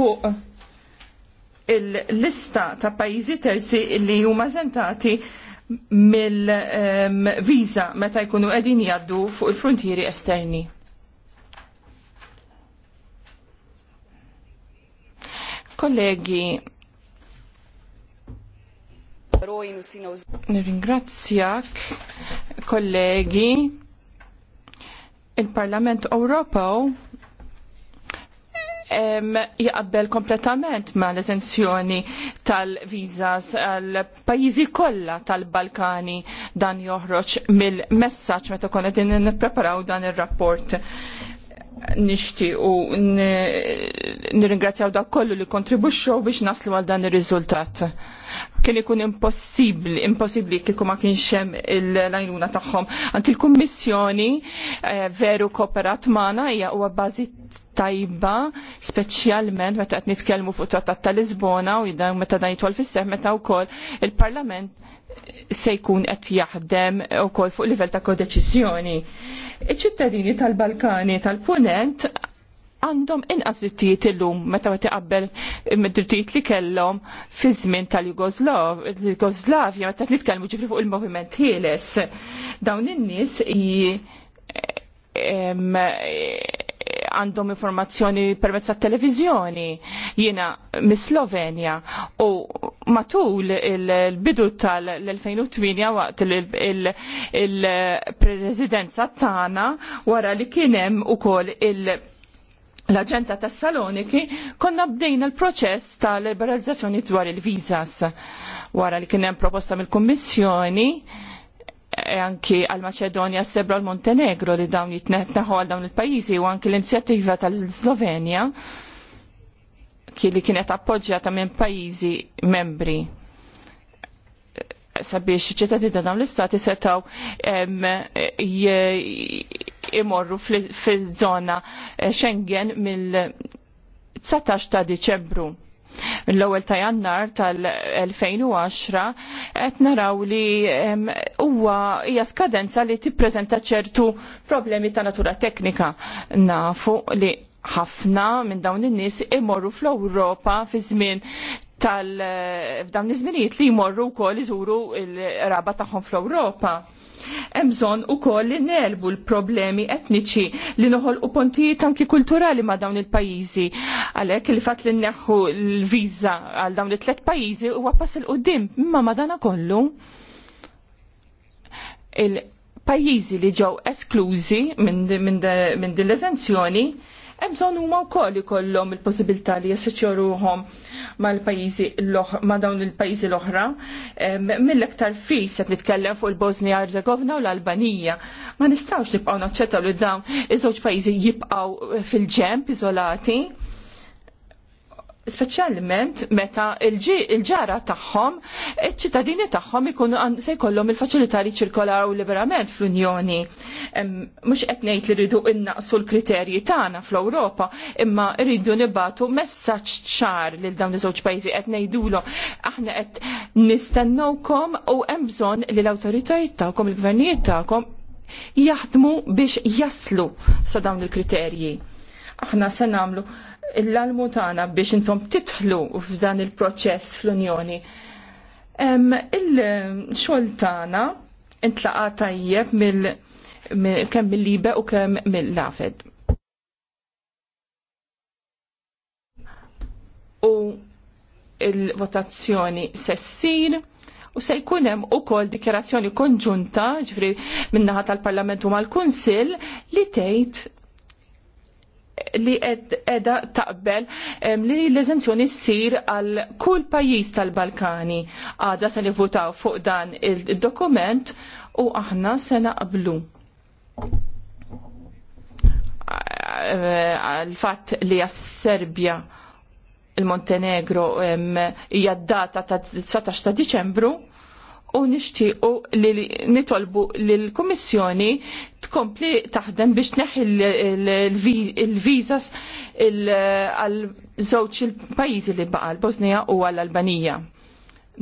fuq il-lista ta' pajjiżi terzi li huma żentati mill-viza ehm, meta jkunu qegħdin jgħaddu fuq il-frontieri esterni. Kollegi, Nirringrazzjak, kollegi, il-Parlament Ewropew jaqbel kompletament ma l-esenzjoni tal-vizas għal-pajizi kollha tal-Balkani dan joħroġ mill-messaġġ meta konet din nippreparaw dan ir-rapport nishti u nirringrazzjaw dak kollu li kontribuxxew biex naslu għal dan ir-riżultat kien ikun impossibbli, impossibbli kieku ma kienx hemm il-lajnuna tagħhom. Anki l-Kummissjoni eh, veru kooperat magħna hija huwa bażi tajba, speċjalment meta qed nitkellmu fuq trattat ta' Lisbona u jidan meta dan jitwal fis-seħ meta wkoll il-Parlament se jkun qed jaħdem ukoll fuq livell ta' kodeċiżjoni. Iċ-ċittadini tal-Balkani tal-Punent għandhom inqas drittijiet illum meta ma tiqabbel id drittijiet li kellhom fi żmien tal-Jugoslavja meta nitkellmu ġifri fuq il-moviment ħieles. Dawn in-nies għandhom informazzjoni permezz tat televizjoni jiena mis-Slovenja u matul il-bidu tal-2008 waqt il-presidenza tagħna wara li kien hemm ukoll il l-agenda ta' Saloniki konna bdejna l-proċess ta' liberalizzazzjoni dwar il-vizas. Wara li kien hemm proposta mill-Kummissjoni e anki għal macedonia Sebra l Montenegro li dawn jitnetnaħu għal dawn il-pajjiżi u anki l-inizjattiva tal-Slovenja li kienet appoġġjata minn pajjiżi membri sabiex ċittadini ta' dawn l-istati setaw imorru fil-żona eh, Schengen mill-19 ta' Diċembru l-ewwel ta' jannar tal-2010 qed naraw li huwa hija skadenza li tippreżenta ċertu problemi ta' natura teknika nafu li ħafna minn dawn in-nies imorru fl-Ewropa fi żmien tal eh, f'dawn iż-żminijiet li jmorru wkoll iżuru l-raba tagħhom fl-Ewropa. Hemm bżonn ukoll li nelbu l-problemi etniċi li noħolqu pontijiet anki kulturali ma' dawn il-pajjiżi. Għalhekk il-fatt li nneħħu l-viża għal dawn it tlet pajjiżi huwa pass il qudiem imma madana kollu il-pajjiżi li ġew esklużi minn din l-eżenzjoni u bżonn huma wkoll kollom il-possibilità li jassoċjaw mal-pajjiżi ma' dawn il-pajjiżi l-oħra. mill ektar fis qed nitkellem fuq il-Bosnia Arzegovna u l-Albanija. Ma nistawx nibqgħu naċċettaw li dawn iż-żewġ pajjiżi jibqgħu fil-ġemp iżolati speċjalment meta il-ġara tagħhom, iċ-ċittadini tagħhom ikunu se jkollhom il-faċilità li ċirkolaw liberament fl-Unjoni. Mhux qed ngħid li rridu innaqsu l-kriterji tagħna fl-Ewropa, imma rridu nibatu messaġġ ċar lil dawn iż-żewġ pajjiżi qed ngħidulhom aħna qed nistennowkom u hemm bżonn li l-awtoritajiet tagħkom, il-gvernijiet tagħkom jaħdmu biex jaslu sa dawn il-kriterji. Aħna se nagħmlu l-almu tana biex intom titħlu f'dan il-proċess fl-Unjoni. Il-xogħol tagħna intlaqa tajjeb mill kemm mill-libe u kemm mill-lafed. U il-votazzjoni sessir u se jkun hemm ukoll dikjerazzjoni konġunta, ġifri min-naħa tal-Parlament u mal-Kunsill li tgħid li edha taqbel li l-eżenzjoni ssir għal kull pajjiż tal-Balkani. Għada se votaw fuq dan il-dokument u aħna se naqblu. Għal-fatt li għas-Serbja il-Montenegro hija d-data ta' 19 ta' Diċembru u nixtiequ li nitolbu li l-Kummissjoni tkompli taħdem biex neħi l-vizas għal żewġ il-pajjiżi li baqa' l-Bosnija u għall-Albanija.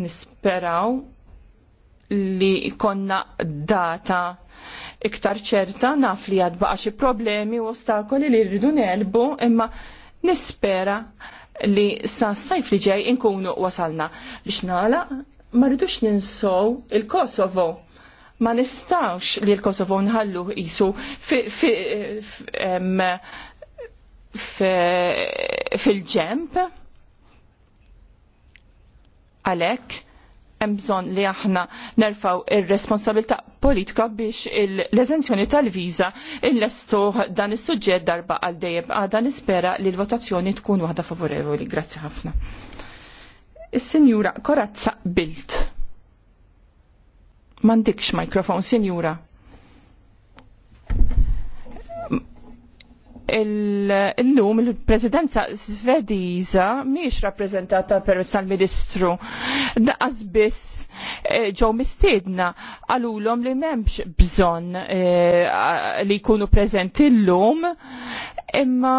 Nisperaw li konna data iktar ċerta naf li għad baqa xi problemi u ostakoli li rridu nelbu imma nispera li sa sajf li ġej inkunu wasalna biex nagħlaq ma rridux ninsow il-Kosovo ma nistawx li l-Kosovo nħallu jisu fil-ġemp għalek bżonn li aħna nerfaw ir-responsabilità politika biex l-eżenzjoni tal-viża inlestu dan is-suġġett darba għal dejjem għadha nispera li l-votazzjoni tkun waħda favorevoli. Grazzi ħafna. Is-Sinjura Korazza Bilt. Mandikx mikrofon, Sinjura. il-lum il-prezidenza svediza miex rappresentata permezz tal-ministru. Daqqas biss eh, ġew mistiedna għalulhom li m'hemmx bżonn eh, li jkunu preżenti llum imma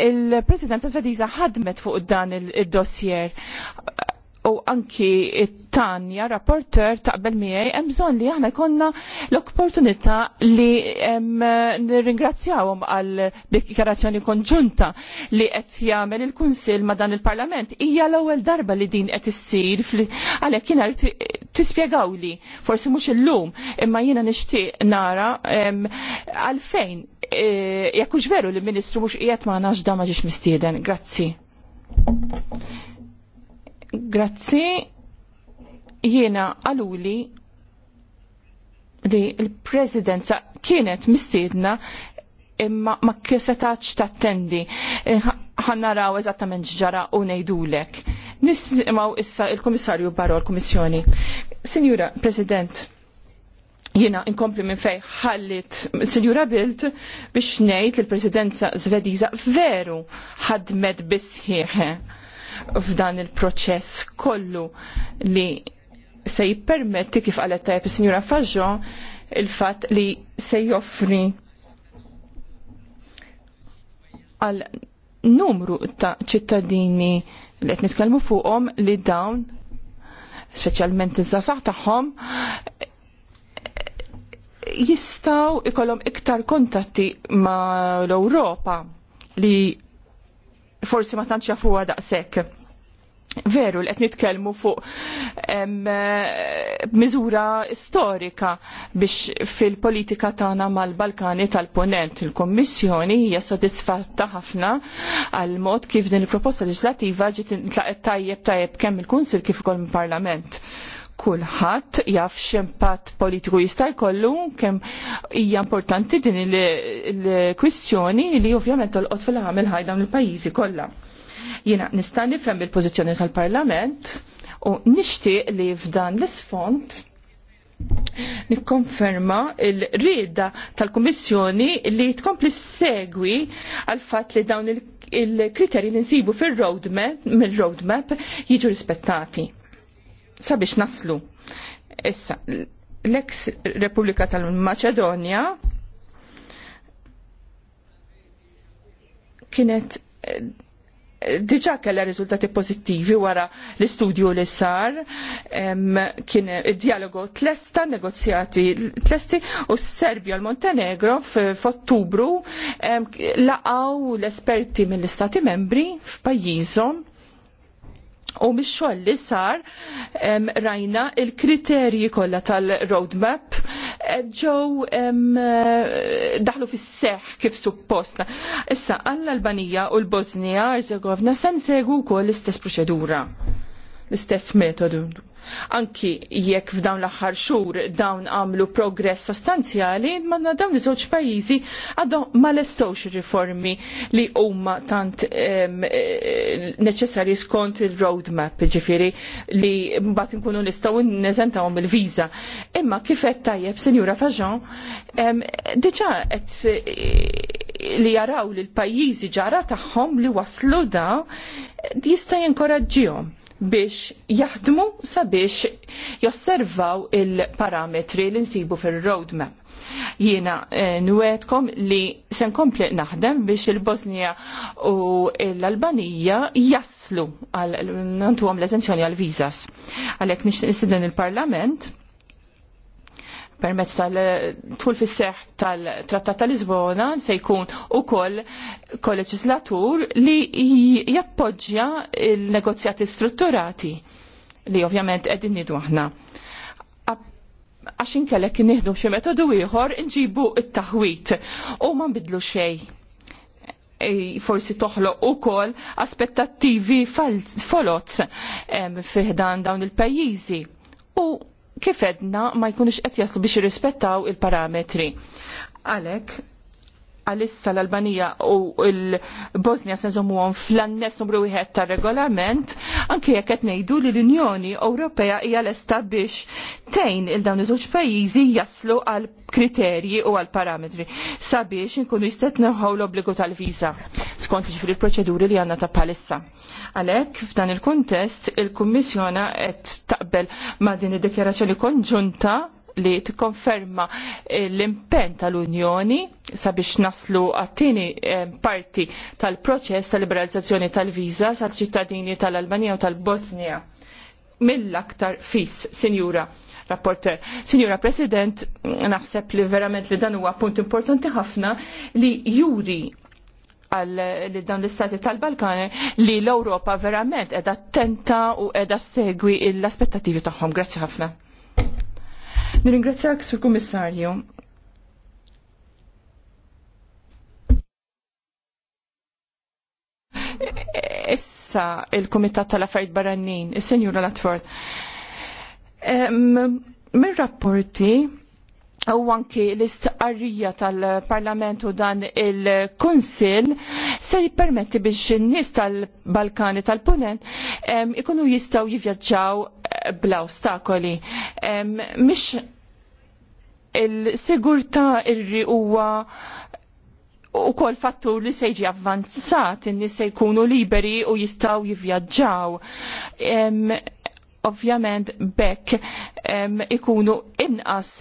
il presidenta Svediza ħadmet fuq dan il-dossier u anki it-tanja rapporter taqbel miegħi hemm bżonn li aħna jkollna l-opportunità li nirringrazzjawhom għal dikjarazzjoni konġunta li qed jagħmel il-Kunsill ma' dan il-Parlament. Hija l-ewwel darba li din qed issir għalhekk jiena tispjegawli, forsi mhux illum imma jiena nixtieq nara għalfejn E, jekk hux veru li ministru mhux qiegħed ma nax da ma ġiex mistieden. Grazzi. Grazzi. Jiena għaluli li l-presidenza kienet mistiedna imma ma kisetax tattendi. E, ħannaraw eżattament ġara u ngħidulek. Nismaw issa il-Komissarju Barro l-Komissjoni. Sinjura President, Jiena inkompli minn fej ħallit Sinjura Bilt biex ngħid li l-Presidenza Svediża veru ħadmet bisħieħe f'dan il-proċess kollu li se jippermetti kif qalet tajjeb is-Sinjura Faġġo il-fatt li se joffri għal numru ta' ċittadini li qed nitkellmu fuqhom li dawn speċjalment iż-żasaħ tagħhom jistaw ikolom iktar kontatti ma l-Europa li forsi ma tantx jafuha daqshekk. Veru li qed nitkellmu fuq eh, miżura storika biex fil-politika tagħna mal-Balkani tal-Ponent il-Kommissjoni hija sodisfatta ħafna għal mod kif din il-proposta leġislattiva ġiet tlaqet tajjeb tajjeb kemm il-Kunsil kif ukoll il-Parlament. il kunsil kif ukoll il il kunsil kif ukoll il parlament kulħadd jaf x'impatt politiku jista' jkollu kemm hija importanti din il-kwistjoni li ovvjament tolqot fil-ħamel ħajda mill-pajjiżi kollha. Jiena nista' nifhem il-pożizzjoni tal-Parlament u nixtieq li f'dan l-isfond nikkonferma il-rieda tal-Kummissjoni li tkompli segwi għal fatt li dawn il-kriterji li nsibu fil-roadmap jiġu rispettati sabiex naslu. Issa, l-eks Repubblika tal-Maċedonja kienet eh, diġa kella riżultati pozittivi wara l-istudju li sar, kien dialogu tlesta, negozjati tlesti, u s-Serbia l-Montenegro f'Ottubru laqaw l-esperti mill-Istati membri f'pajjiżhom U mix-xogħol li sar rajna il-kriterji kollha tal-roadmap e, ġew e, daħlu fis-seħ kif suppost. Issa għall-Albanija u l-Bosnija Herzegovina se nsegu wkoll l-istess proċedura l-istess metodu. Anki jekk f'dawn l-aħħar xhur dawn għamlu progress sostanzjali, ma dawn iż-żewġ pajjiżi għadhom ma lestowx riformi li huma tant eh, neċessarji skont il-roadmap, ġifieri li mbagħad inkunu nistgħu nneżentawhom il-viża. Imma kif qed tajjeb, Sinjura Fajon, diġà qed eh, li jaraw li l-pajjiżi ġara tagħhom li waslu da jista' jinkoraġġihom biex jaħdmu sabiex josservaw il-parametri li nsibu fil-roadmap. Jiena eh, nwetkom li sen kompli naħdem biex il-Bosnija u l-Albanija jaslu għal nantuhom l-eżenzjoni għal-vizas. Għalek nix il-Parlament permezz tal-tul fis tal-Trattat tal-Lisbona se jkun ukoll kolleġislatur li jappoġġja il-negozjati strutturati li ovvjament qegħdin nidu aħna. Għax inkellek kien nieħdu xi metodu ieħor nġibu it-taħwit u ma nbidlu xejn. E, forsi toħloq ukoll aspettattivi folots fiħdan dawn il-pajjiżi. U kif edna ma jkunux qed jaslu biex jirrispettaw il-parametri. Għalhekk għalissa l-Albanija u l-Bosnia se fl-annes numru wieħed tar-regolament, anke jekk qed ngħidu li l-Unjoni Ewropea hija lesta biex tejn il dawn iż-żewġ pajjiżi jaslu għal kriterji u għal parametri sabiex inkunu jistet neħħu l-obbligu tal-viża skont ġifri l-proċeduri li għandna ta' palissa. Għalhekk f'dan il-kuntest il-Kummissjona qed taqbel ma' din id dekjarazzjoni konġunta li tikkonferma eh, l-impenn tal-Unjoni sabiex naslu għattini eh, parti tal-proċess tal-liberalizzazzjoni tal-viza sal ċittadini tal-Albanija u tal bosnia Mill-aktar fis, Sinjura Rapporter. Sinjura President, naħseb li verament li dan huwa punt importanti ħafna li juri għal li dawn l-istati tal balkane li l-Europa verament edha attenta u edha segwi l-aspettativi tagħhom. Grazzi ħafna. Nirringrazzjak sur kummissarju. Issa il-Kumitat tal-Affarijiet Barranin, is-Senjura Latford. Mir-rapporti u anki l-istqarrija tal-Parlamentu dan il-Kunsil se jippermetti biex n nies tal-Balkani tal-Punent ikunu jistaw jivjaġġaw bla ostakoli. Mish il-sigurta irri huwa u kol fattu li sejġi avvanzat, inni se jkunu liberi u jistaw jivjaġġaw. Ovvjament bekk ikunu inqas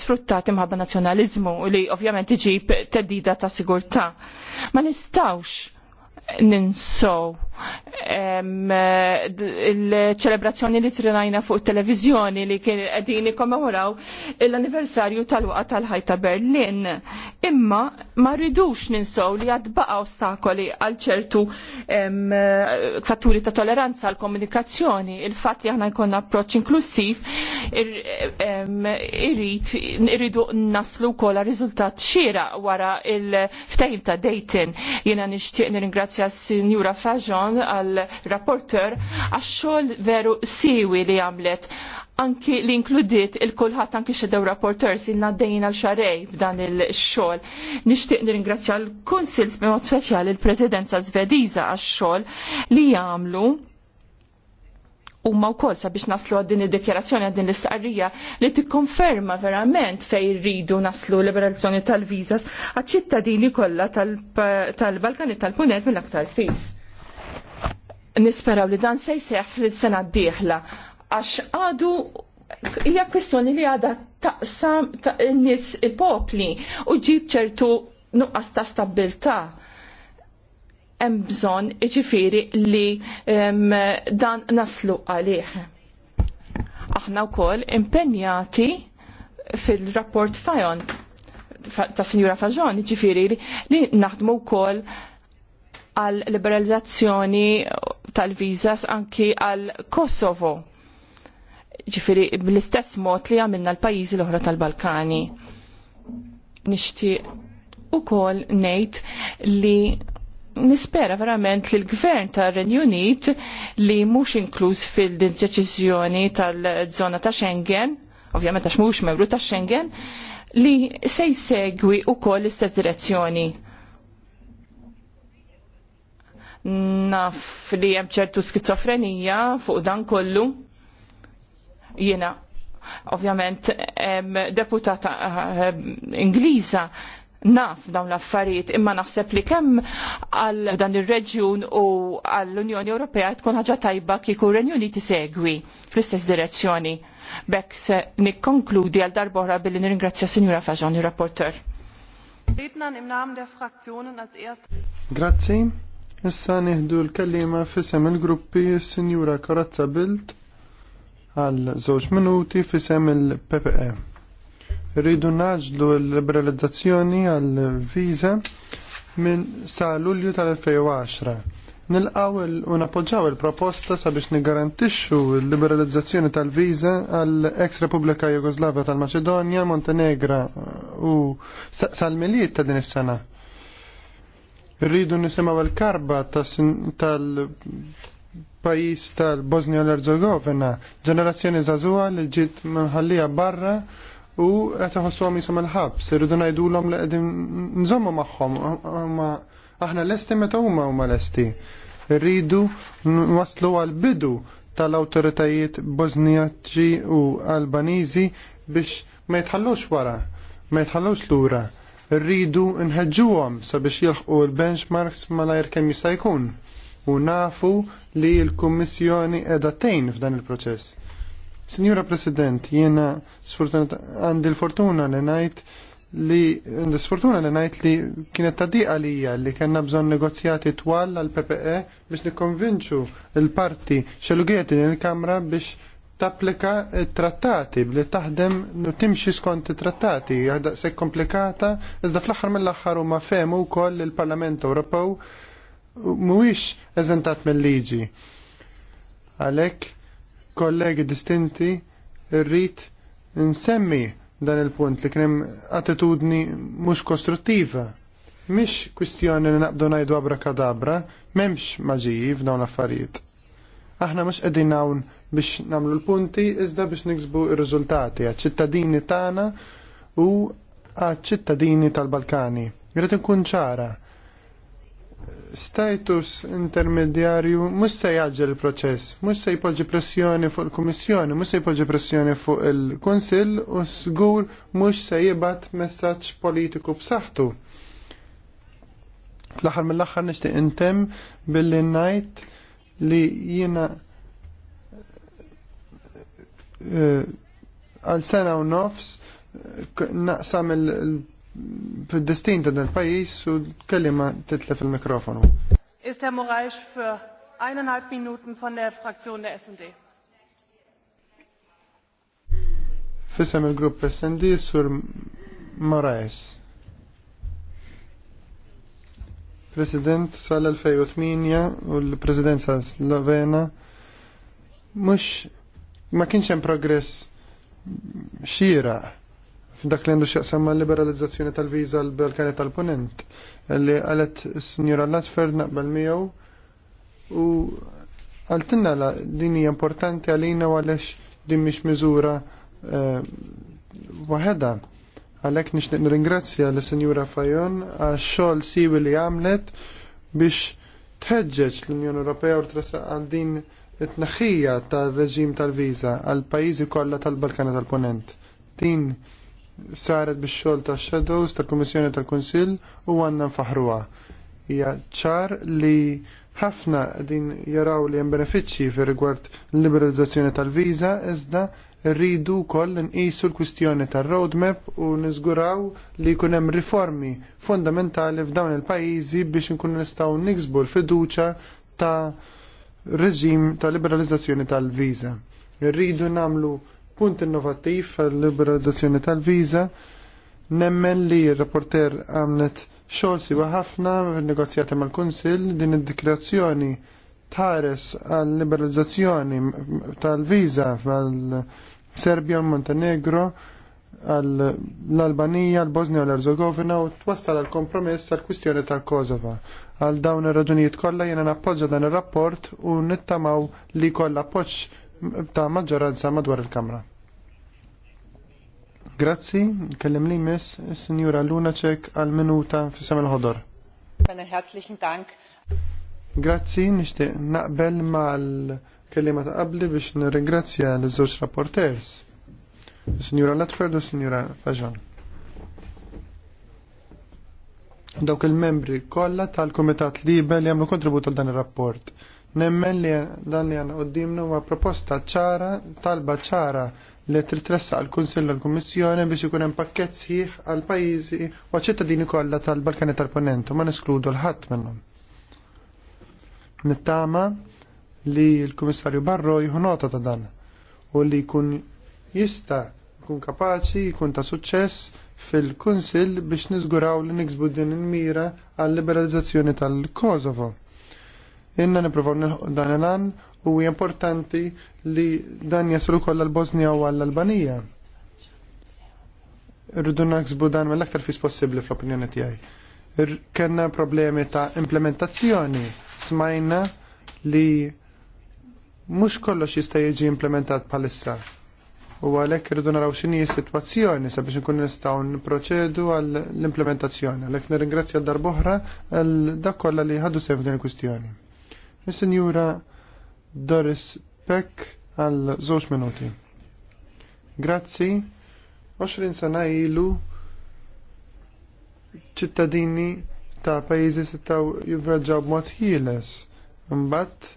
sfruttat imħabba nazjonalizmu li ovvjament iġib teddida ta' sigurta. Ma nistawx ninsow il-ċelebrazzjoni li trinajna fuq televizjoni li kien qegħdin ikkommemoraw l-anniversarju tal-waqa tal-ħajta Berlin. Imma ma rridux ninsow li għad baqa ostakoli għal ċertu fatturi ta' toleranza għal komunikazzjoni, il-fatt li aħna jkollna approċċ inklusiv irrid irridu naslu wkoll riżultat xira wara il ftajim ta' Dayton. Jiena nixtieq nirringrazzja nirringrazzja s-Sinjura Fajon għal-rapporter għax-xogħol veru siwi li għamlet anki li inkludiet il-kulħat anki xedew rapporter ilna d għal l-xarej b'dan il-xol. Nishtiq nirringrazzja l-Konsil speċjali il-Presidenza Zvediza għax-xol li għamlu u ma wkoll sabiex naslu għad din id-dikjarazzjoni għad din l-istqarrija li tikkonferma verament fej rridu naslu liberazzjoni tal-vizas għad-ċittadini kollha tal-Balkani tal-Punent mill-aktar fis. Nisperaw li dan se seħ fil-sena d-dieħla għax għadu hija kwestjoni li għadha taqsam ta' nies il-popli u ġib ċertu nuqqas ta' stabilta' hemm bżonn iġifieri li dan naslu għalih. Aħna wkoll impenjati fil-rapport fajon ta' Sinjura Fajon, ġifiri li naħdmu wkoll għal liberalizzazzjoni tal-vizas anki għal Kosovo. Ġifiri, bl-istess mod li għamilna l-pajizi l-oħra tal-Balkani. Nishti u kol nejt li nispera verament li l-gvern tar renju Unit li mhux inkluż fil-deċiżjoni tal-żona ta' Schengen, ovvjament għax mhux membru ta' Schengen, li se jsegwi wkoll l-istess direzzjoni. Naf li hemm ċertu skizofrenija fuq dan kollu. Jiena ovvjament deputata eh, eh, Ingliża naf dawn l-affarijiet imma naħseb li kemm għal dan ir-reġjun u għall unjoni Ewropea tkun ħaġa tajba kieku r-Renju segwi fl-istess direzzjoni. Bekk se nikkonkludi għal darbora billi nirringrazzja Sinjura Faġoni, rapporter. Grazzi. Issa nieħdu l-kellima fisem il-gruppi Sinjura Karazza Bild għal żewġ minuti fisem il-PPE. Rridu naġlu l-liberalizzazzjoni għal-viza minn sa' lulju tal-2010. Nilqaw u napoġġaw il-proposta sabiex nigarantixxu l-liberalizzazzjoni tal viza għall ex Repubblika Jugoslavja tal-Maċedonja, Montenegra uh, u sal-miliet ta' din is-sena. Rridu nisimgħu l-karba tal-pajjiż tal-Bosnia l-Erzegovina, ġenerazzjoni żagħżugħa li ġiet minħallija barra u qed iħossuhom jisom il-ħabs, irridu ngħidulhom li qegħdin nżommu magħhom ma aħna lesti meta huma huma lesti. Rridu waslu għal bidu tal-awtoritajiet Bosniaċi u Albaniżi biex ma jitħallux wara, ma jitħallux lura. Rridu nħeġġuhom sabiex jilħqu l-benchmarks malajr kemm jista' jkun u nafu li l-Kummissjoni qiegħda tgħin f'dan il-proċess Signora President, jiena għandi l-fortuna li najt li sfortuna li najt li kienet ta' diqa li li kena bżon negozjati twal għal PPE biex nikonvinċu il-parti xelugieti l kamra biex tapplika trattati bli taħdem nu timxi skont trattati għadda se komplikata iżda fl-axar mill-axar u ma femu koll il-Parlament Ewropew mhuwiex eżentat mill-liġi. Għalhekk kollegi distinti rrit nsemmi dan il-punt li kienem attitudni mhux kostruttiva. Mish kwistjoni li naqdu ngħidu abra kadabra, m'hemmx maġiji f'dawn affarijiet Aħna mhux qegħdin hawn biex nagħmlu l-punti iżda biex niksbu r-riżultati għaċ-ċittadini tagħna u għaċ-ċittadini tal-Balkani. Jrid inkun ċara status intermedjarju mhux se jaġġel il-proċess, mhux se jpoġġi pressjoni fuq il-Kummissjoni, mhux se jpoġġi pressjoni fuq il-Kunsill u żgur mhux se jibgħat messaġġ politiku b'saħħtu. Fl-aħħar mill-aħħar nixtieq intemm billi ngħid li jiena eh, għal sena u nofs naqsam il- fil-destin ta' dal-pajis u l-kelima titlef il-mikrofonu. Ist Herr Moraes für eineinhalb Minuten von der Fraktion der SD. Fissem il-grupp SD sur Moraes. President sal-2008 u l-presidenza slovena mux ma kienx hemm progress xira f'dak li għandu xaqsam ma' liberalizzazzjoni tal-viza l-Balkani tal-Ponent li għalet s signora Latfer naqbel miegħu u għaltinna la din hija importanti għalina u għalex din mhix miżura eh, waħedha. Għalhekk nixtieq nirringrazzja l sinjura Fajon għax xogħol siwi li għamlet biex tħeġġeġ l-Unjoni Ewropea u trasaq għal din it-tnaħħija tal-reġim tal-viża għal pajjiżi kollha tal-Balkani tal-Ponent. Din saret bix xogħol ta' shadows tal-Kummissjoni tal-Kunsill u għanna nfaħruwa. Hija ċar li ħafna din jaraw li hemm benefiċċji fir rigward liberalizzazzjoni tal-viża iżda rridu wkoll nqisu l-kwistjoni tar-roadmap u niżguraw li jkun hemm riformi fondamentali f'dawn il-pajjiżi biex inkunu nistgħu niksbu l fiduċa ta' reġim ta' liberalizzazzjoni tal-viża. Rridu nagħmlu punt innovattiv għal-liberalizzazzjoni tal-viza. Nemmen li r-rapporter għamnet xogħol siwa ħafna negozjati mal-Kunsill din id-dikrazzjoni tħares għal-liberalizzazzjoni tal-viza għal-Serbia, Montenegro, għall-Albanija, l-Bosnia u l-Erzegovina u twassal għal kompromess għal kwistjoni ta' Kosova. Għal dawn ir-raġunijiet kollha jiena nappoġġa dan ir-rapport u nittamaw li kollha appoġġ ta' maġġoranza madwar il-Kamra. Grazzi, kellem li mis, signora Luna Cek għal-minuta fissam il-ħodor. Herzlichen Dank. Grazzi, nishti naqbel mal-kellima ta' qabli biex nirringrazzja l-żewġ rapporters. Signora Latford u signora Fajan. Dawk il-membri kollha tal-Kumitat Libel li jagħmlu kontribut għal dan ir-rapport. Nemmen li dan li għanna qoddimnu ma proposta ċara, talba ċara li titressa għal kunsill għal kummissjoni biex ikun hemm pakkett sħiħ għal pajjiżi u għaċ-ċittadini kollha tal-Balkani tal-Ponent u ma neskludu l-ħadd minnhom. Nittama li l-Kummissarju Barro jieħu nota ta' dan u li jkun jista' jkun kapaċi jkun ta' suċċess fil-Kunsill biex niżguraw li niksbu din il-mira għal liberalizzazzjoni tal-Kosovo. Inna niprofaw dan il an u importanti li dan jaslu kollha l bosnia u għall-Albanija. Rridu naksbu dan mill-aktar fis possibbli fl-opinjoni tiegħi. Er, kenna problemi ta' implementazzjoni. Smajna li mhux kollox jista' jiġi implementat bħalissa u għalek rridu naraw xini situazzjoni sabiex nkun nistgħu nipproċedu għall implementazzjoni Għalek nirringrazzja darboħra għal dak li ħadu sejf din il-kwistjoni. Is-Sinjura Doris Peck għal żewġ minuti. Grazzi, 20 sena ilu ċittadini ta' pajjiżi sittaw jivvelġaw b'mod ħieles. Imbagħad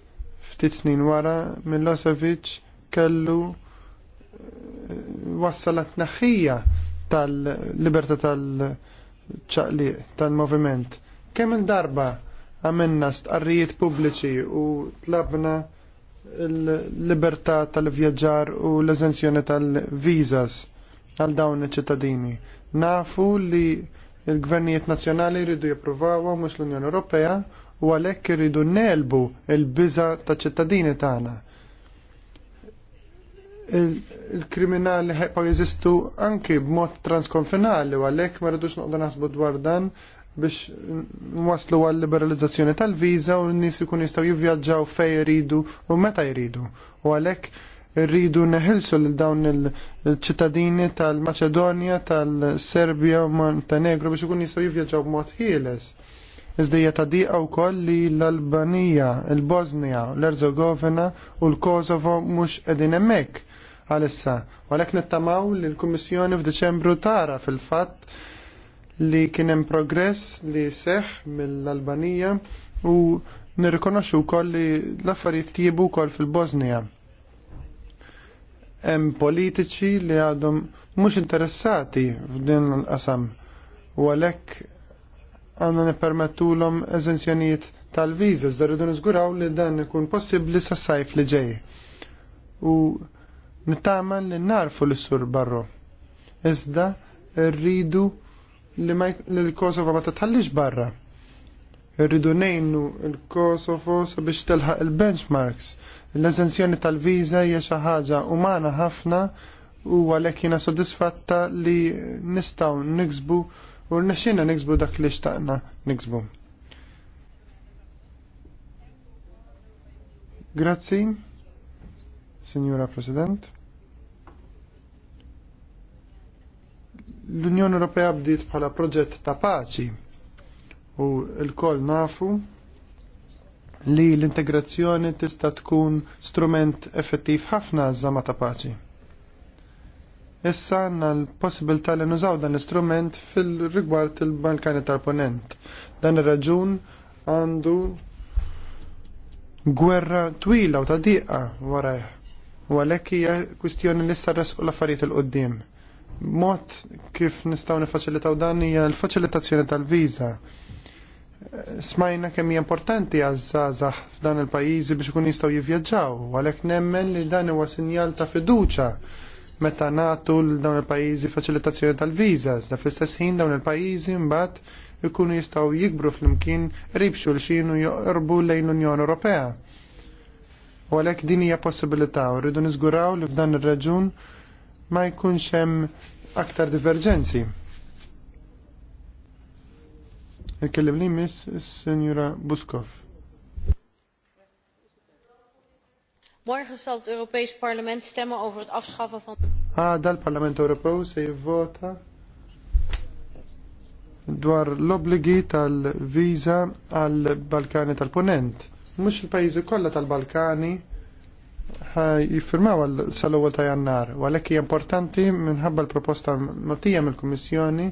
ftit snin wara Milosevic kellu eh, wassalat tnaħħija tal-libertà tal-ċaqliq tal-moviment. Kemm il-darba għamilna stqarrijiet pubbliċi u tlabna il-libertà tal-vjaġġar u l-eżenzjoni tal-vizas għal dawn iċ-ċittadini. Nafu li l gvernijiet nazzjonali jridu jipprovawha mhux l-Unjoni Ewropea u għalhekk irridu nelbu l-biża taċ ċittadini tagħna. Il-kriminali ħeqpa jeżistu anki b'mod transkonfinali u għalhekk ma rridux noqdu naħsbu dwar dan biex waslu għal liberalizzazzjoni tal-viza u n-nis ikun jistaw jivvjaġġaw fej jridu u meta jridu. U għalek rridu neħilsu l dawn il-ċittadini tal-Maċedonja, tal-Serbia u Montenegro biex ikun jistaw jivvjaġġaw b'mod ħieles. Iżda ta' diqa wkoll li l-Albanija, il bosnia l-Erzegovina u l-Kosovo mhux edin hemmhekk għalissa. Għalhekk nittamaw li l-Kummissjoni f'Diċembru tara fil-fatt li kien hemm progress li seħ mill-Albanija u nirrikonoxxu wkoll li l-affarijiet tjiebu wkoll fil-Bosnija. Hemm politiċi li għadhom mhux interessati f'din l-qasam u għalhekk għandna nippermettulhom eżenzjonijiet tal-viża iżda rridu niżguraw li dan ikun possibbli sas-sajf li ġej. U nittama li narfu l-sur barru. Iżda rridu li l-Kosovo ma tatħallix barra. Irridu nejnu l-Kosovo sabiex telħaq il-benchmarks. L-eżenzjoni tal-viza hija xi ħaġa umana ħafna u għalhekk jiena sodisfatta li nistgħu niksbu u rnexxina niksbu dak li xtaqna niksbu. Grazzi, Signora President. L-Unjoni Ewropea bdiet bħala proġett ta' paċi u l-koll nafu li l-integrazzjoni tista' tkun strument effettiv ħafna żama ta' paċi. Issa għandna l-possibilità li nużaw dan l-istrument fil-rigward il-Balkani tal-Ponent. Dan ir-raġun għandu gwerra twila u ta' diqqa wara U għalhekk hija kwistjoni li issa resq l-affarijiet il qudiem mod kif nistgħu nifaċilitaw dan hija l-faċilitazzjoni tal-viża. Smajna kemm hija importanti għaż-żgħażagħ f'dan il-pajjiżi biex ikun jistgħu jivvjaġġaw, għalhekk nemmen li dan huwa sinjal ta' fiduċa meta nagħtu l dawn il-pajjiżi faċilitazzjoni tal-viża, da fl-istess ħin dawn il-pajjiżi mbagħad ikunu jistgħu jikbru flimkien ribxu l xinu joqrbu lejn l-Unjoni Ewropea. U għalhekk din hija possibilità u rridu niżguraw li f'dan ir-raġun ma jkunx hemm aktar diverġenzi. Il-kellim li miss Senjura Buskov. Morgen zal het Europees Parlement stemmen over het afschaffen van. Ah, dal Parlement Europeo se vota dwar l-obligi tal-viza għal-Balkani tal-Ponent. Mux il-pajizi kolla tal-Balkani jiffirmaw sal-ewwel ta' jannar, u għalhekk hija importanti minħabba l-proposta notija mill-Kummissjoni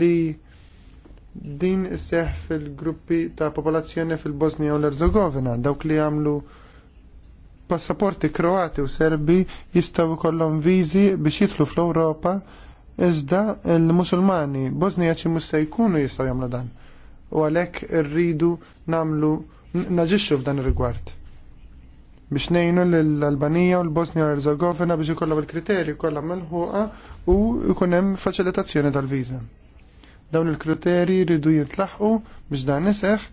li din isseħ fil-gruppi ta' popolazzjoni fil-Bosnia u l-Erzegovina, dawk li għamlu passaporti kroati u serbi jistaw kollom vizi biex jitlu fl-Europa iżda l-musulmani ċi musta jkunu jistaw jagħmlu dan u għalek rridu namlu naġiċu f'dan ir-rigward biex nejnu l-Albanija u l-Bosnia u l-Herzegovina biex ikollhom il kriterji kollha melħuqa u jkun hemm faċilitazzjoni tal-viża. Dawn il-kriterji jridu jitlaħqu biex dan iseħħ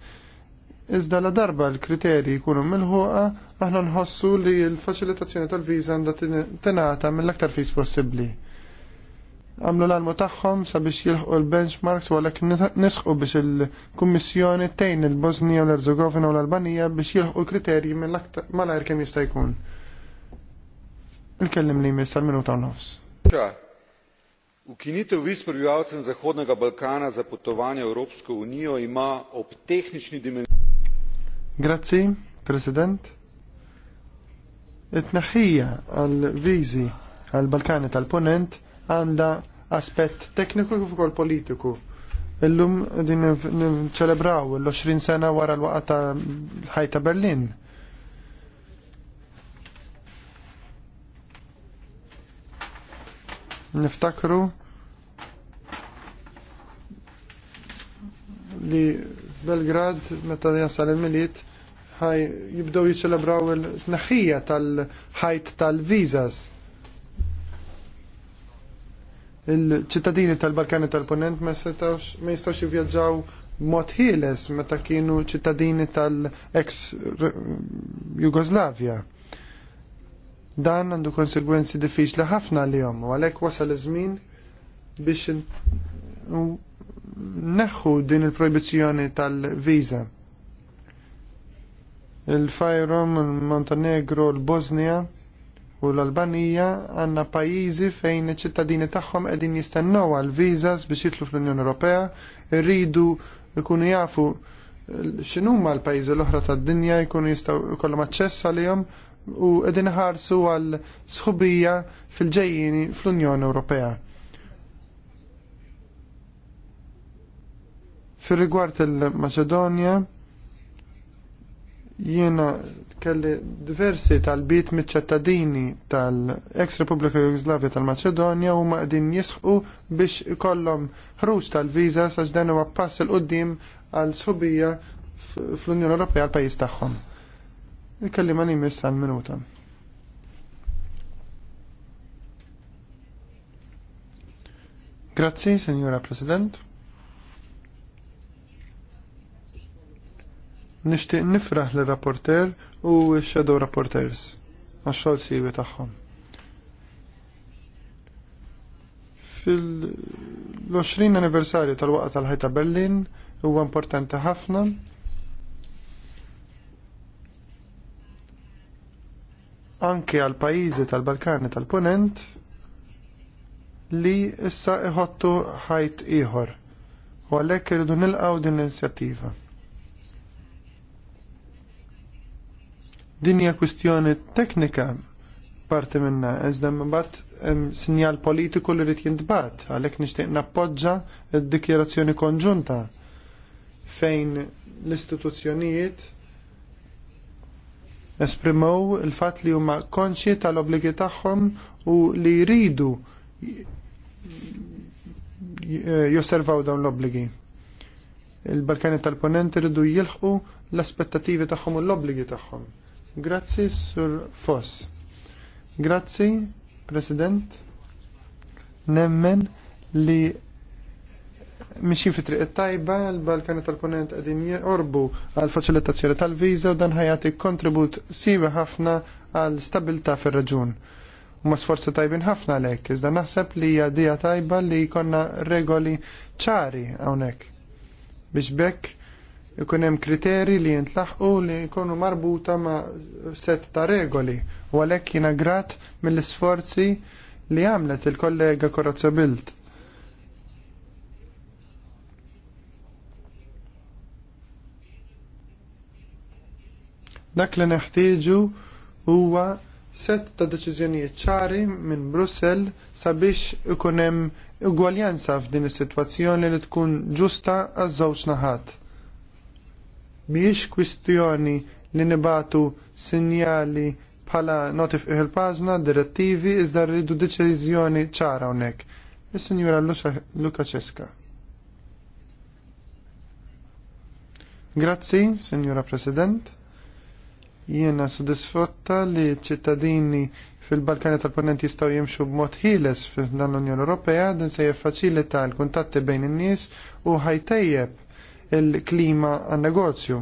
iżda la darba l-kriterji jkunu melħuqa aħna nħossu li l-faċilitazzjoni tal-viża għandha tingħata mill-aktar fis possibbli għamlu l-almu tagħhom sabiex jilħu l-benchmarks u għalek nisħu biex il kommissjoni tejn il-Bosnija u l-Erzegovina u l-Albanija biex jilħu l-kriterji minn mal-ajr kemm jista' jkun. Il-kellim li jmiss għal-minuta u nofs. Ukinitev viz prebivalcem Zahodnega Balkana za potovanje v Evropsko unijo ima ob tehnični dimenziji. Grazie, president. Etnahija al vizi għal-Balkani tal-Ponent għandha aspett tekniku kif ukoll politiku. Illum din ċelebraw l-20 sena wara l-waqgħa ta' ħajta Berlin. Niftakru li Belgrad meta jasal il-miliet ħaj jibdew jiċċelebraw il-tnaħħija tal-ħajt tal-vizas il-ċittadini tal-Balkani tal-Ponent ma jistawx jivvjaġġaw mod ħieles meta kienu ċittadini tal-ex Jugoslavja. Dan għandu konsegwenzi diffiċli ħafna li jom, u għalek wasal iż-żmien biex neħħu din il-proibizjoni projbizjoni Il-Fajrom, il-Montenegro, il-Bosnia, il fajrom il montenegro il bosnia u l-Albanija għandna pajjiżi fejn iċ-ċittadini tagħhom qegħdin jistennew għal viżas biex jitlu fl-Unjoni Ewropea, irridu jkunu jafu eh, x'inhuma l-pajjiżi l-oħra tad-dinja jkunu jistgħu jkollhom aċċess għalihom u qegħdin ħarsu għal sħubija fil-ġejjini fl-Unjoni Ewropea. Fir rigward il-Maċedonja, jiena kelli diversi tal-bit mit-ċittadini tal-ex Repubblika Jugoslavja tal-Maċedonja u maqdin jisħu biex ikollhom ħruġ tal-viża sa dan huwa pass il qudiem għal sħubija fl-Unjoni Ewropea għal pajjiż tagħhom. Ikelli ma nimis għal-minuta. Grazzi, Signora President. Nixtieq nifraħ lir rapporter u x-shadow rapporters għax-xogħol siwi tagħhom. Fil-20 anniversarju tal-waqgħa tal-ħajta Berlin huwa importanti ħafna anke għal pajjiżi tal-Balkani tal-Punent li issa iħottu ħajt ieħor u għalhekk irridu nilqgħu din l-inizjattiva. Din hija kwistjoni teknika parti minna, iżda mbagħad sinjal politiku li rrid jintbat, għalhekk nixtieq nappoġġa d-dikjerazzjoni konġunta fejn l-istituzzjonijiet esprimaw il-fat li huma konċi tal-obligi tagħhom u li jridu josservaw dawn l-obligi. Il-Balkani tal ponenti rridu jilħqu l-aspettativi tagħhom u l-obligi tagħhom. Grazzi sur Foss. Grazzi, President. Nemmen li mixi fi triq tajba l-Balkani tal-Ponent għadin jorbu għal faċilitazzjoni tal-viża u dan ħajati kontribut siva ħafna għal stabilta fir-raġun. U ma sforzi tajbin ħafna għalhekk, iżda naħseb li hija tajba li jkollna regoli ċari hawnhekk. Biex bekk ikun hemm kriteri li jintlaħqu li jkunu marbuta ma' set ta' regoli u għalhekk jiena grat mill-isforzi li għamlet il-kollega Korazza Bilt. Dak li neħtieġu huwa set ta' deċiżjonijiet ċari minn Brussell sabiex ikun hemm ugwaljanza f'din is-sitwazzjoni li tkun ġusta għaż-żewġ naħat miex kwistjoni li nibatu sinjali bħala notif iħil pażna, direttivi, iżda rridu deċiżjoni ċara hawnhekk. Is-Sinjura Luka Ceska. Grazzi, Sinjura President. Jiena sodisfotta li ċittadini fil-Balkani tal-Ponent jistaw jimxu b'mod ħiles fil-dan l-Unjoni Ewropea din se jiffaċilita l-kuntatti bejn in-nies u ħajtejjeb il-klima għan-negozju.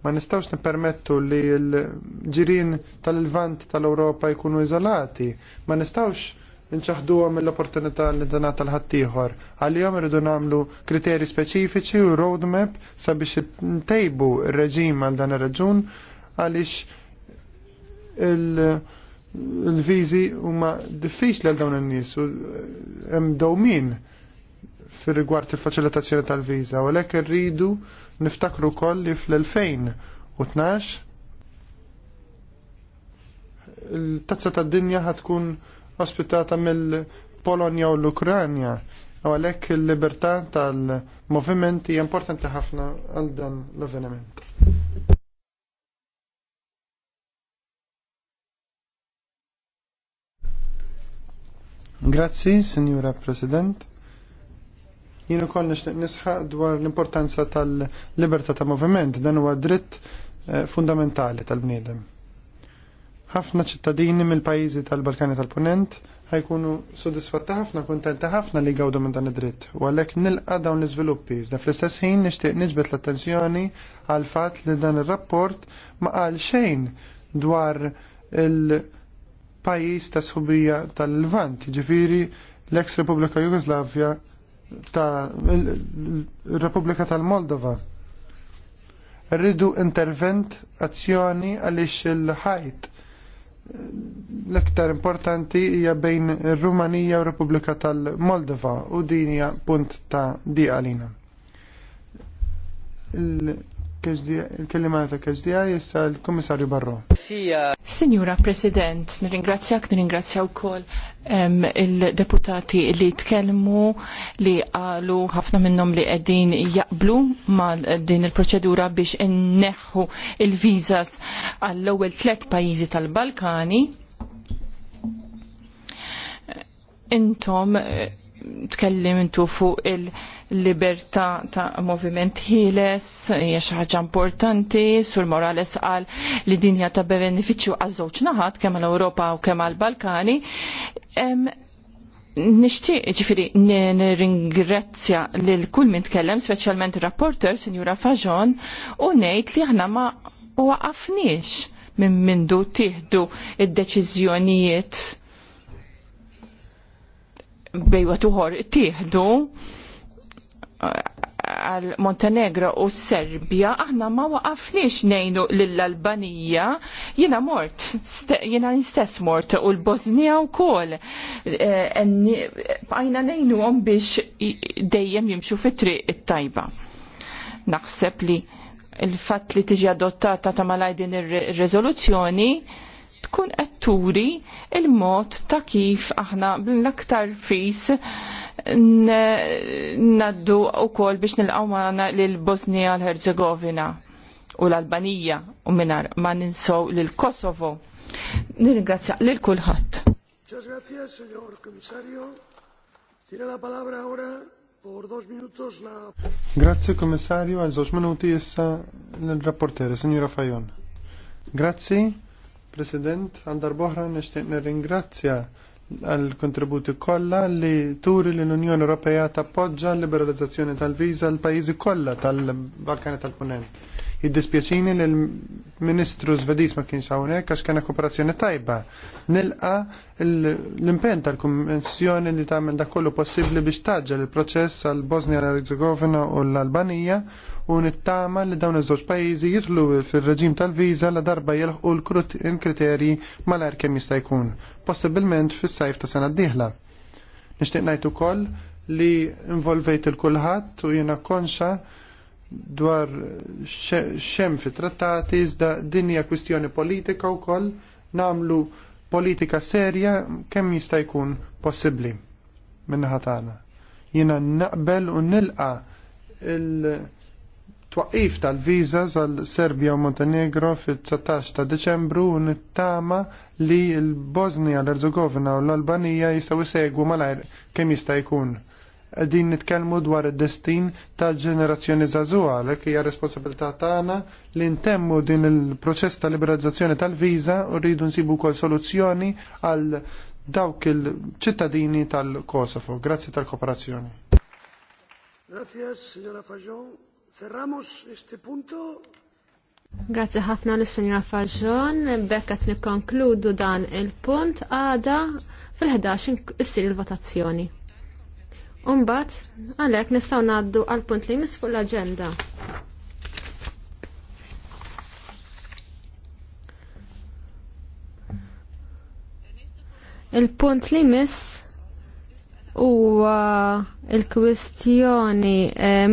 Ma nistawx nippermettu li l-ġirien tal-Lvant tal-Ewropa jkunu iżolati. Ma nistawx għam l-opportunità li dana tal-ħaddieħor. jom rridu nagħmlu kriterji speċifiċi u roadmap sabiex ntejbu r-reġim għal dan ir reġun għaliex il- l-viżi huma diffiċli għal dawn in-nies u eh, hemm dawmin fir rigward il-faċilitazzjoni tal-viża, u għalhekk irridu niftakru wkoll li fl-2012 il-tazza tad-dinja ħatkun ospitata mill-Polonja u l-Ukranja u għalhekk il-libertà tal movimenti importanti ħafna għal dan l-avveniment. Grazzi, Signora President. Jien ukoll nixtieq nisħaq dwar l-importanza tal-libertà ta' moviment, dan huwa dritt eh, fundamentali tal-bniedem. Ħafna ċittadini mill-pajjiżi tal-Balkani tal-Punent ħajkunu sodisfatta ħafna, kuntenta ħafna li gawdu minn dan id-dritt. U għalhekk nilqa dawn l-iżviluppi. Iżda fl-istess ħin nixtieq niġbet l-attenzjoni għal fatt li dan ir-rapport ma qal xejn dwar il-pajjiż ta' sħubija tal-Lvant, ġifieri l-eks Repubblika Jugoslavja ta' Repubblika tal-Moldova. Rridu intervent azzjoni għaliex il-ħajt l-iktar importanti hija bejn rumanija u Repubblika tal-Moldova u din hija punt ta' di għalina il-kellimata KSDI jissa l-Komissarju Barro. Signora President, nirringrazzjak, nirringrazzjaw kol il-deputati li tkellmu li għalu ħafna minnom li għedin jaqblu ma din il-proċedura biex inneħħu il-vizas għall-ewel tlet pajizi tal-Balkani. Intom intu fuq il-libertà ta' moviment ħieles, hija xi ħaġa importanti, sur Morales qal li din hija ta' benefiċċju għaż-żewġ naħat kemm l-Ewropa u kemm għall-Balkani. Nixtieq ġifieri nirringrazzja lil kull min tkellem, speċjalment ir-rapporter Sinjura Fajon, u ngħid li aħna ma waqafniex minn mindu tiħdu id-deċiżjonijiet bejwa tuħor tieħdu eh, għal Montenegro u Serbia, aħna ma waqafniex nejnu l-Albanija, jina mort, jina nistess mort, u l-Bosnija u kol. Għajna eh, nejnu għom biex dejjem jimxu fitri it-tajba. Naħseb li il-fat li tiġi adottata ta' malaj din ir-rezoluzzjoni, tkun qed turi il-mod ta' kif aħna bl-aktar fis naddu wkoll biex nilqgħu magħna l Bosnia l-Herzegovina u l-Albanija u minar ma ninsow l Kosovo. Nirringrazzja lil kulħadd. Muchas gracias, señor comisario. Tiene la palabra ahora por dos minutos la... Grazie, commissario. Għal minuti issa l-rapportere, signora Fajon. Grazie. President, għandar boħra nishtiq nirringrazzja għal-kontributi kollha li turi li l-Unjoni Ewropea tappoġġa l-liberalizzazzjoni tal-viża l pajjiżi kollha tal-Balkani tal-Punent id li l-Ministru Zvedis ma kienx hawnhekk għax kena kooperazzjoni tajba. Nilqa l impenta tal-Kummissjoni li tagħmel dak kollu possibbli biex taġġel il-proċess għal Bosnia Herzegovina u l-Albanija u nittama li dawn iż-żewġ pajjiżi jidħlu fir-reġim tal-viża la darba jelħqu l-kriterji malajr kemm jista' jkun, possibilment fis-sajf ta' sena d-dieħla. Nixtieq ngħid ukoll li involvejt il-kulħadd u jiena konxa dwar xem fi trattati iżda din hija kwistjoni politika wkoll namlu politika serja kemm jista' jkun possibbli min-naħa tagħna. Jiena naqbel u nilqa il-twaqif tal-viża għal Serbja u Montenegro fit-19 ta' Deċembru u nittama li l bosnia l-Erzegovina u l-Albanija jistgħu jsegwu malajr kemm jista' jkun għedin nitkellmu dwar id-destin ta' ġenerazzjoni żagħżugħa għalhekk hija responsabilità tagħna li ntemmu din il-proċess ta' liberalizzazzjoni tal-viża u rridu nsibu wkoll soluzzjoni għal dawk il-ċittadini tal-Kosovo. Grazzi tal-kooperazzjoni. Grazie, signora Fajon. Cerramos este punto. Grazie ħafna l signora Fajon. Bekkat nikkonkludu dan il-punt għada fil-11 issir il-votazzjoni. Umbat, għalek nistaw naddu għal punt li jmiss fuq l-agenda. Il-punt li jmiss u il-kwistjoni eh,